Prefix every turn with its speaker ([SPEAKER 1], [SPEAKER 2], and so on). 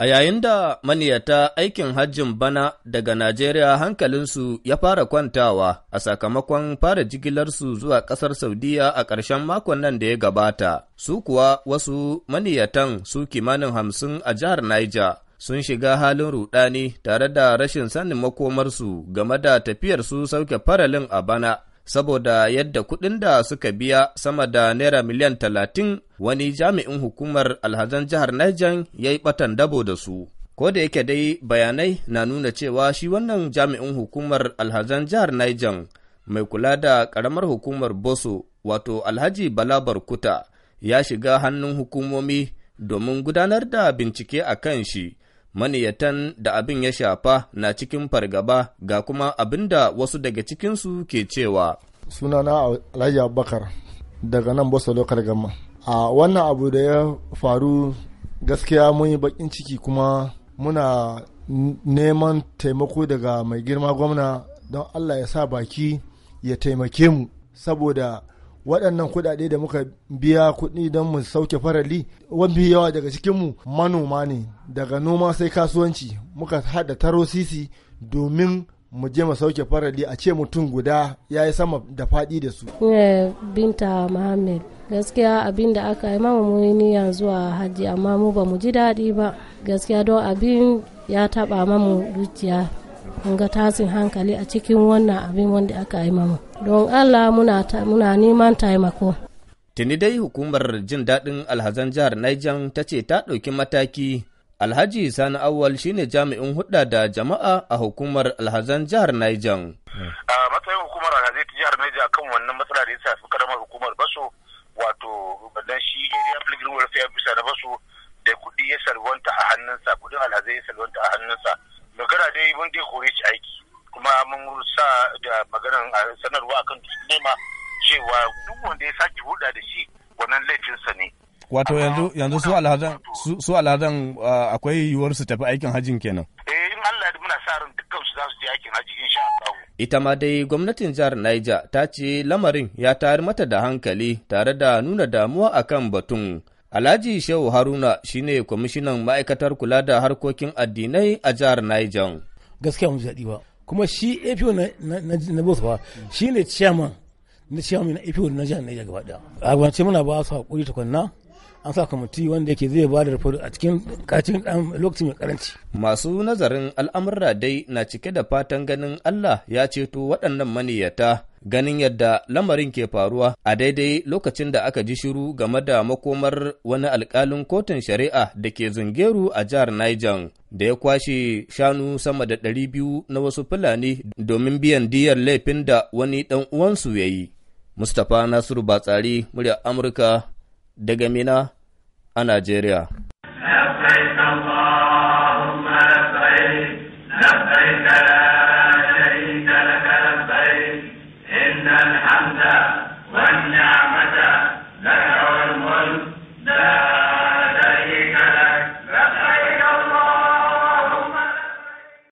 [SPEAKER 1] A yayin da maniyata aikin hajjin bana daga Najeriya hankalinsu ya fara kwantawa a sakamakon fara jigilarsu zuwa ƙasar Saudiya a ƙarshen makon nan da ya gabata, su kuwa wasu maniyatan su kimanin hamsin a jihar Niger sun shiga halin rudani tare da rashin sanin makomarsu game da tafiyarsu sauke faralin a bana saboda yadda kuɗin da suka biya sama da naira miliyan talatin wani jami'in hukumar alhazan jihar Niger ya yi ɓatan dabo da su. Ko da yake dai bayanai na nuna cewa shi wannan jami'in hukumar alhazan jihar Niger mai kula da ƙaramar hukumar Boso wato Alhaji Bala Barkuta ya shiga hannun hukumomi domin gudanar da bincike a kan shi. maniyatan da abin ya shafa na cikin fargaba ga kuma abin da wasu daga cikinsu ke cewa.
[SPEAKER 2] Sunana Alhaji Abubakar daga nan Bosa Lokar Gama. A wannan abu da ya faru gaskiya mun yi bakin ciki kuma muna neman taimako daga mai girma gwamna don Allah ya sa baki ya taimake mu saboda waɗannan kuɗaɗe da muka biya kuɗi don mu sauke farali wani yawa daga cikinmu manoma ne daga noma sai kasuwanci muka haɗa taro sisi domin mu je mu sauke farali a ce mutum guda ya yi sama da faɗi da su.
[SPEAKER 1] binta Muhammad gaskiya abin da aka yi mama muni yanzu a hajji amma mu ba mu ji daɗi ba gaskiya don abin ya taɓa mamu dukiya ga tasin hankali a cikin wannan abin wanda aka yi mama don allah muna neman taimako tuni dai hukumar jin daɗin alhazan jihar niger ta ce ta ɗauki mataki alhaji sani awal shine jami'in hudda da jama'a a hukumar alhazan jihar niger a
[SPEAKER 2] matsayin hukumar alhazai ta jihar niger kan wannan matsala da ya shafi karamar hukumar basu wato dan shi area pilgrim welfare bisa na basu da kuɗi ya salwanta a hannunsa kuɗin alhazai ya salwanta a hannunsa kira dai mun dai kore shi aiki kuma mun sa da maganar sanarwa akan nema cewa duk wanda ya sake hulɗa da shi wannan laifinsa ne
[SPEAKER 1] wato yanzu su alhazan akwai yiwuwar su tafi aikin hajjin kenan
[SPEAKER 2] eh in Allah da muna sa ran dukkan su za su je aikin hajji sha Allah
[SPEAKER 1] ita ma dai gwamnatin jihar Niger ta ce lamarin ya tayar mata da hankali tare da nuna damuwa akan batun Alhaji Shehu Haruna shine kwamishinan ma'aikatar kula da harkokin addinai a jihar Niger.
[SPEAKER 2] Gaskiya mun daɗi ba. Kuma shi APO na na Bosa shine chairman na chairman na APO na jihar Niger gaba ɗaya. A gwamnati muna ba su hakuri tukunna an sa kwamiti wanda yake zai ba da a cikin kacin lokaci mai karanci.
[SPEAKER 1] Masu nazarin al'amurra dai na cike da fatan ganin Allah ya ceto waɗannan maniyyata ganin yadda lamarin ke faruwa a daidai lokacin da aka ji shiru game da makomar wani alkalin kotun shari'a da ke zungeru a jihar Niger da ya kwashe shanu sama da ɗari biyu na wasu Fulani domin biyan diyar laifin da wani ɗan uwansu ya yi. Mustapha Nasiru Batsari, murya Amurka, daga Mina a Najeriya.